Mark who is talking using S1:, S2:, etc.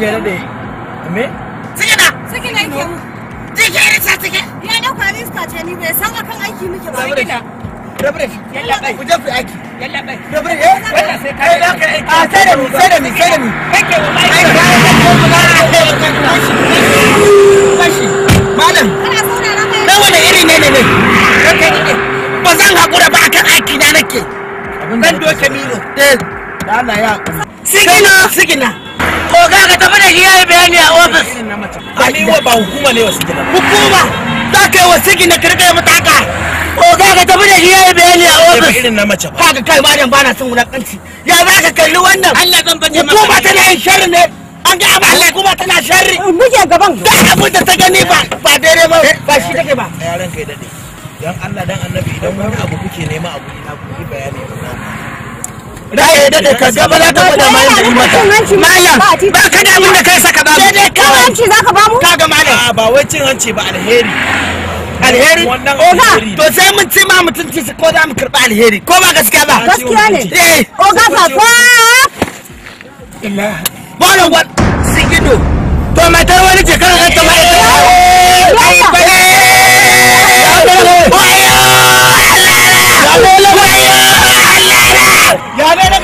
S1: da ya daɗe me sikina sikina yake jike ya rasa sike ya dauka riska ce ni bai san akan aiki muke ba sikina rabre yalla bai ku ku aiki yalla bai rabre eh wannan sai ka da ka aiki a sai da mu sai da mu sai da mu kake wallahi kashi malam na wani iri ne ne ne ba zan haƙura ba akan aiki na nake ban doke milo sigina sigina
S2: Oga ka tafi da shi ya yi bayani a ofis.
S1: Ani wa ba hukuma ne wasu gina. Hukuma za kai yi wasu gina ka rika yi mata haka. Oga ka tafi da shi ya yi bayani a ofis. Ba irin na mace ba. Haka kai madan bana son wulakanci. Ya za ka kalli wannan. Allah zan bace maka. Hukuma tana yin sharri ne. An ga abu hukuma tana sharri. Eh, muke gaban. Da abin da ta gani ba ba daidai ba eh, ba shi take ba. Yaran kai dade. Dan Allah dan Annabi idan wani abu kuke nema abu ina ku yi bayani ba. raye da da ka ba za ta fada mai da mata malam ba ka da mun da kai saka ba mu da ka hanci zaka ba mu kaga malam ba wai cin hanci ba alheri alheri oga to sai mun ci ma mutunci ko za mu karba alheri ko ba gaskiya ba gaskiya ne eh oga fa ko illa bolan wan sigido to matar wani ce kana ta mai ta Allah Allah ಯಾರ